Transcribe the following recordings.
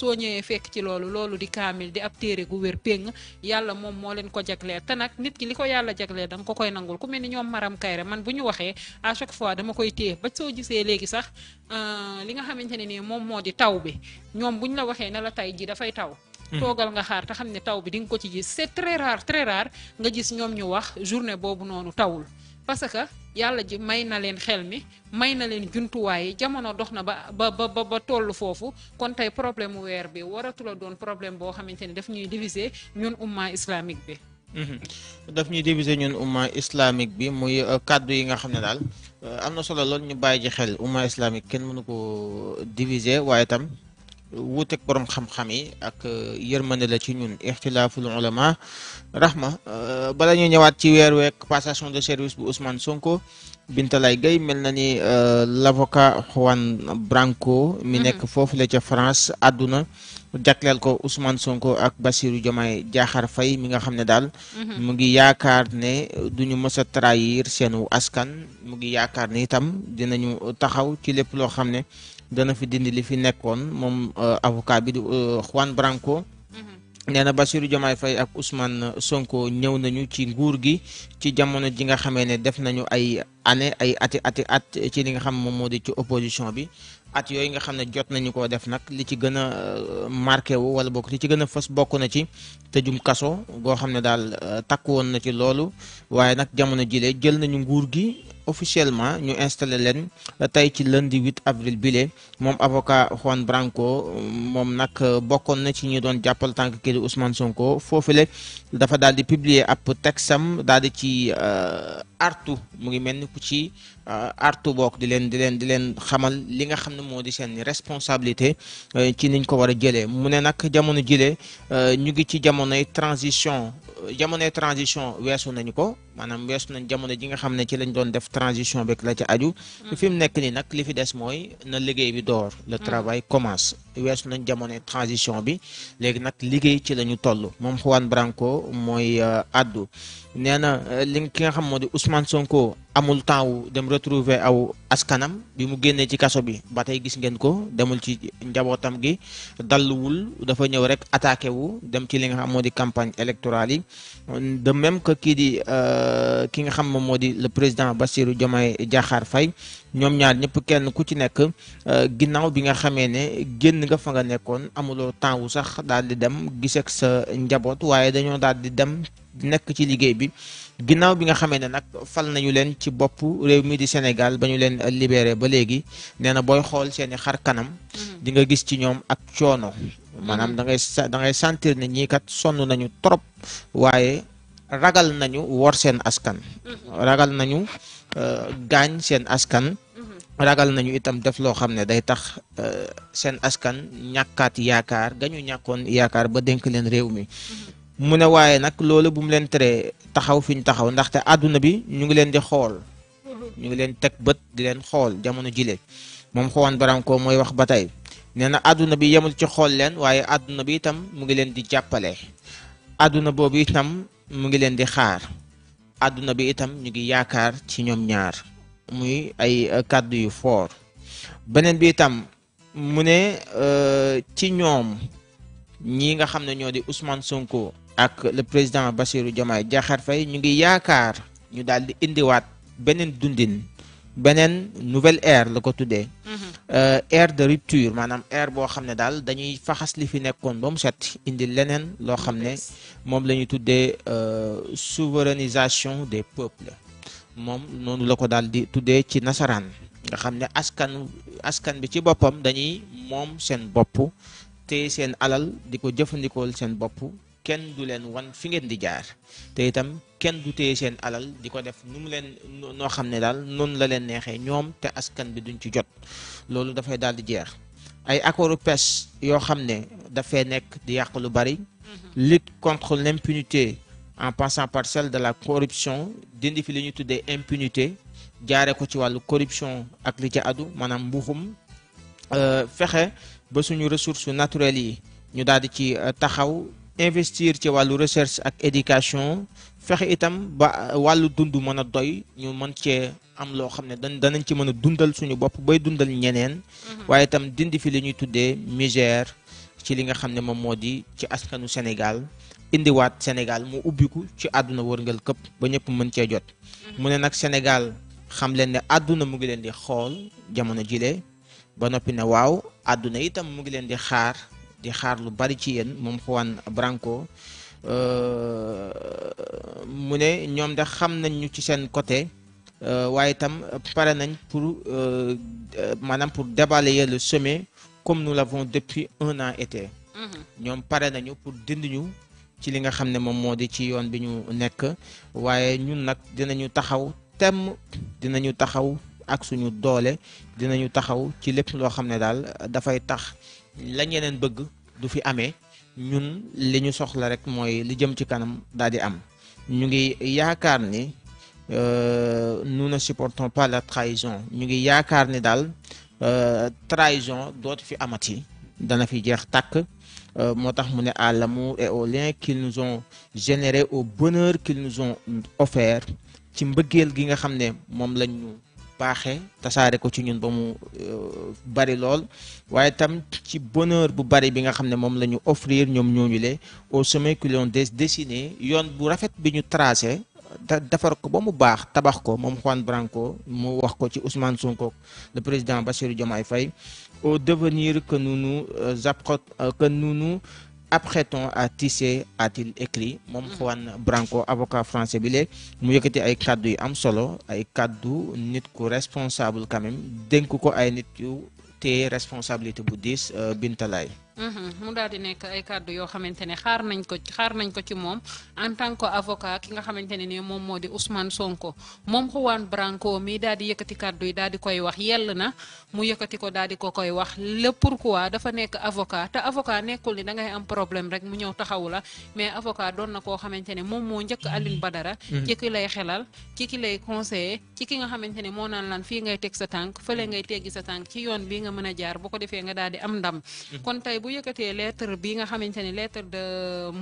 soo ñëwee fekk ci loolu loolu di kaamil di ab téere gu wér péng yàlla moom moo leen ko jagleel te nag nit ki li ko yàlla jagleel danga ko koy nangul ku mel ni ñoom maram kayre man bu ñu waxee à chaque fois dama koy téye ba soo gisee léegi sax euh, li nga xamante ne nii moom moo di taw bi ñoom bu ñu la waxee ne la tey ji dafay taw hmm. toogal nga xaar te xam ne taw bi di nga ko ci gis c'est très rare très rare nga gis ñoom ñu wax journée boobu noonu tawul parce que yàlla ji may na leen xel mi may na leen jumtuwaay jamono dox na ba ba toll foofu kon tey problème mu weer bi waratula doon problème boo xamante ni daf ñuy diviser ñun umma islamique bi. Mhm. daf ñuy diviser ñun umma islamique bi muy euh, kàddu yi nga xam ne daal euh, am na solo lool ñu bàyyi ji xel umma islamique kenn mënu ko diviser waaye tam. wuuteeg borom xam-xam yi ak euh, yërmande la ci ñun ixtilaaful ulama rahma euh, bala ñuy ñëwaat ci weer weeg passation de service bu Ousmane Sonko Bintalay gay mel na ni euh, l'avocat Juan Branco mi mm-hmm. nekk foofu la ca France àdduna jagleel ko Ousmane Sonko ak Bassirou Diomaye Diakhar Faye mi nga xam ne daal mhm. mu ngi yaakaar ne duñu mës a trahir seenu askan mu ngi yaakaar ne itam dinañu euh, taxaw ci lépp loo xam ne dana fi dindi li fi nekkoon moom euh, avocat bi di euh, Juan Branco mhm. nee na Bassirou Diomaye Faye ak Ousmane Sonko ñëw nañu ci nguur gi ci jamono ji nga xamee ne def nañu ay année ay ati ati at ci li nga xam moom moo di ci opposition bi at yooyu nga xam ne jot nañu ko def nag li ci gën a euh, marqué wu wala bokk li ci gën a fës bokk na ci tëjum kaso goo xam ne daal euh, takk woon na ci loolu waaye nag jamono jile jël nañu nguur gi officiellement ñu installé leen tey ci lundi 8 avril bile moom avocat Juan Branco moom nag bokkoon na ci ñu doon jàppal tànk kii di Ousmane foofu foofule dafa daal di publier ab textam daal di ci euh, artu mu ngi mel ni ku ci euh, artu bokk di leen di leen di leen xamal li nga xam ne moo di seen responsabilité euh, ci niñ ko war a jëlee mu ne nag jamono jëlee ñu ngi ci jamonoy transition jamonoy transition weesu nañu ko. maanaam weesu nañ jamono ji nga xam ne ci lañ doon def transition beeg la ci aju. Mm-hmm. fi mu nekk nii nag li fi des mooy na liggéey bi door. le mm-hmm. travail commence weesu nañ jamono transition bi léegi nag liggéey ci la ñu toll moom Juan Branco mooy àddu euh, nee na euh, li ki nga xam moo di Ousmane Sonko. amul temps wu dem retrouver aw askanam bi mu génnee ci kaso bi ba tey gis ngeen ko demul ci njabootam gi dalluwul dafa ñëw rek attaqué wu dem ci li nga xam moo di campagne électorale yi de même que kii di euh, ki nga xam moom moo di le président ba Bassirou Diomaye Diakhar fay ñoom ñaar ñëpp kenn ku ci nekk euh, ginnaaw bi nga xamee ne génn nga fa nga nekkoon amuloo temps wu sax daal di dem gis sa njaboot waaye dañoo daal di dem nekk ci liggéey bi ginnaaw bi nga xamee ne nag fal nañu leen ci bopp réew mi di Sénégal ba ñu leen libéré ba léegi nee na booy xool seeni xar kanam mm-hmm. di nga gis ci ñoom ak coono mm-hmm. maanaam dangay ngay da ngay sentir kat sonn nañu trop waaye ragal nañu wor seen askan mm-hmm. ragal nañu euh, gaañ seen askan ragal nañu itam def loo xam ne day tax euh, seen askan ñàkkaat yaakaar gañu ñàkkoon yaakaar ba dénk leen réew mi mu ne waaye nag loolu bu mu leen teree taxaw fi ñu taxaw ndaxte àdduna bi ñu ngi leen di xool ñu ngi leen teg bët di leen xool jamono jile moom xawaan baram mooy wax ba tey nee na àdduna bi yemul ci xool leen waaye àdduna bi itam mu ngi leen di jàppale àdduna boobu itam mu ngi leen di xaar àdduna bi itam ñu ngi yaakaar ci ñoom ñaar muy ay euh, kàddu yu foor beneen bi itam mu ne euh, ci ñoom ñi nga xam ne ñoo di Ousmane Sonko ak le président Bassirou Diomaye Diakhar fay ñu ngi yaakaar ñu daal di indiwaat beneen dundin beneen nouvelle air la ko tuddee. Mm-hmm. Euh, ère de rupture maanaam ère boo xam ne daal dañuy faxas li fi nekkoon ba mu set indi leneen loo xam ne moom la ñuy tuddee euh, souverainisation des peuples moom noonu la ko daal di tuddee ci nasaraan. nga xam ne askan askan bi ci boppam dañuy moom seen bopp te seen alal di ko jëfandikool seen bopp. kenn du leen wan fi ngeen di jaar te itam kenn du téye seen alal di ko def nu mu leen noo xam ne daal noonu la leen neexee ñoom te askan bi duñ ci jot loolu dafay daal di jeex ay accordu pêche yoo xam ne dafay nekk di yàq lu bari mm-hmm. lutte contre l'impunité en passant parcelle de la corruption dindi fi li ñu tuddee impunité jaaree ko ci wàllu corruption ak li ci adu maanaam mbuxum euh, fexe ba suñu ressources naturelles yi ñu daal ci euh, taxaw investir ci wàllu recherche ak éducation fexe itam ba euh, wàllu dund mën a doy ñu mën cee am loo xam ne dañ danañ ci mën a dundal suñu bopp bay dundal ñeneen mhm. waaye itam dindi fi li ñuy tuddee misère ci li nga xam ne moom moo di ci askanu Sénégal indiwaat Sénégal mu ubbiku ci àdduna wërngal këpp ba ñëpp mën cee jot mhm. mu ne nag Sénégal xam leen ne àdduna mu ngi leen di xool jamono jile ba noppi ne waaw àdduna itam mu ngi leen di xaar di xaar lu bari ci yéen moom Juan Branco euh, mu ne ñoom de xam nañ ñu ci seen côté euh, waaye itam pare nañ pour euh, maanaam pour déballer le sommet comme nous l'avons depuis un an été. Mm-hmm. ñoom pare nañu pour dindi ñu ci li nga xam ne moom moo di ci yoon bi ñu nekk waaye ñun nag dinañu taxaw temm dinañu taxaw ak suñu doole dinañu taxaw ci lépp loo xam ne daal dafay tax. la ñeneen bëgg du fi amee ñun li ñu soxla rek mooy li jëm ci kanam daal di am ñu ngi yaakaar ni euh, nous ne supportons pas la trahison ñu ngi yaakaar ni daal euh, trahison dootu fi amati dana fi jeex tàkk euh, moo tax mu ne à l'amour et au lien qu'ils nous ont généré au bonheur qu'ils nous ci mbëggeel gi nga xam ne moom lañ baaxee tasaare ko ci ñun ba mu euh, bari lool waaye tam ci bonheur bu bari bi nga xam ne moom la ñu offrir ñoom ñooñu le au sommet que l'on yoon bu rafet bi ñu tracé defar ko ba mu baax tabax ko moom Juan Branco mu wax ko ci Ousmane Sonko le président Bassirou Diomaye Faye au devenir que nous nous euh, euh, que nous apprêtons à tisser a-t-il écrit moom Juan Branco avocat français bi léegi mu yëkkati ay kàddu yu am solo ay kàddu nit ku responsable quand même ko ay nit yu te responsabilité bu diis euh, bintalaay Mhm. mu daal di nekk ay kàddu yoo xamante xaar nañ ko xaar nañ ko ci moom en tant que avocat ki nga xamante ne ni moom moo di Ousmane Sonko moom Juan Branco mii daal di yëkkati kàddu yi daal di koy wax yell na mu yëkkati ko daal di ko koy wax le pourquoi dafa nekk avocat te avocat nekkul ni dangay am problème rek mu ñëw taxawu la mais avocat doon na koo xamante ne moom moo njëkk Alioune Badara. ci mhm. ki lay xelal ci ki lay conseiller ci ki nga xamante ne moo naan laan fii ngay teg sa tànk fële ngay teggi sa tànk ci yoon bi nga mën a jaar bu ko defee nga daal di am ndam mhm. bu yëkkatee lettre bi nga xamante ne lettre de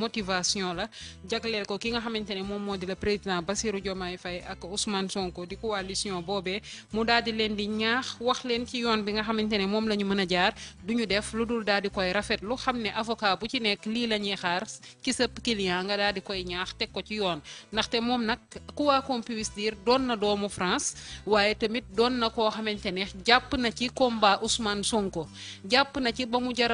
motivation la jagleel ko ki nga xamante ne moom moo di la président ba Bassirou Diomaye fay ak Ousmane Sonko di coalition boobee mu daal di leen di ñaax wax leen ci yoon bi nga xamante ne moom la ñu mën a jaar du ñu def lu dul daal di koy rafetlu xam ne avoca bu ci nekk lii la ñuy xaar ci sa client nga daal di koy ñaax teg ko ci yoon ndaxte moom nag quoi qu'on puisse doon na doomu France waaye tamit doon na koo xamante ne jàpp na ci combat Ousmane Sonko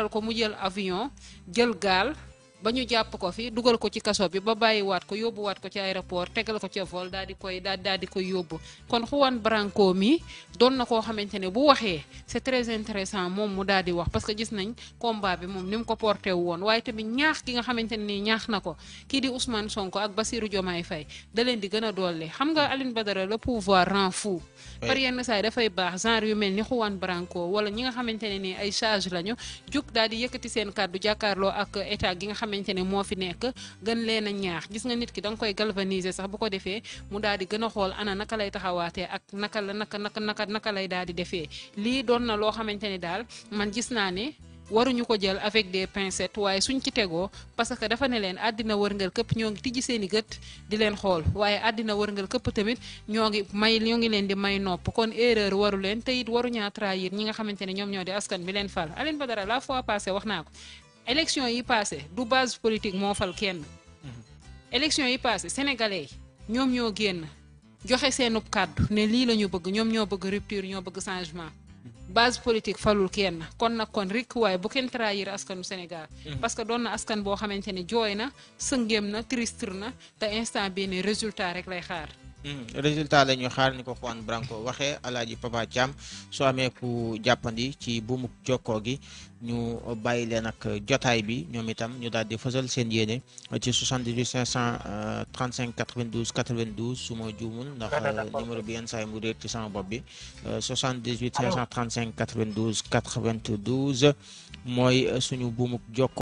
ko mu jël avion jël gaal ba ñu jàpp ko fi dugal ko ci kaso bi ba bàyyiwaat ko yóbbuwaat ko ci aéroport tegal ko ca vol daal di koy daal daal di koy yóbbu kon Juan Branco mi doon na koo xamante ne bu waxee c'est très intéressant moom mu daal di wax parce que gis nañ combat bi moom ni mu ko porté woon waaye tamit ñaax ki nga xamante ne nii ñaax na ko kii di Ousmane Sonko ak Bassirou Diomaye Faye da leen di gën a doole xam nga Aline Badara le pouvoir rend fou. par yenn saa yi dafay baax genre yu mel ni Juan Branco wala ñi nga xamante ne nii ay charge lañu jug di yëkkati seen kàddu jàkkaarloo ak état gi nga xamante ne moo fi nekk gën leen a ñaax gis nga nit ki da nga koy galvaniser sax bu ko defee mu daal di gën a xool ana naka lay taxawaatee ak naka la naka naka naka lay daal di defee lii doon na loo xamante ne daal man gis naa ne waruñu ko jël avec des pincettes waaye suñ ci tegoo parce que dafa ne leen àddina wërngal këpp ñoo ngi tijji seen i gët di leen xool waaye àddina wërngal këpp tamit ñoo ngi may ñoo ngi leen di may nopp kon erreur waru leen te it waruñaa trahir ñi nga xamante ne ñoom ñoo di askan bi leen élection yi passé du base politique moo fal kenn. Mhm. élection yi passé sénégalais yi ñoom ñoo génn joxe seenub kàddu ne lii la ñu bëgg ñoom ñoo bëgg rupture ñoo bëgg changement. Mhm. base politique falul kenn kon nag kon rek waaye bu kenn trahir askanu Sénégal. Mhm. parce que doon na askan boo xamante ne jooy na sëngeem na tristre na te instant bii ne résultat rek lay xaar. Hmm. résultat la ñu xaar ni ko Juan Branco waxee alaaji Papa Thiam soo amee ku jàppandi ci buumu jokkoo gi ñu bàyyi leen ak jotaay bi ñoom itam ñu daal di fësal seen yéene ci 78 535 92 92 su ma juumul ndax euh, numéro bi yenn saa yi mu réer ci sama bopp bi 78 535 92 mooy euh, suñu buumu jokkoo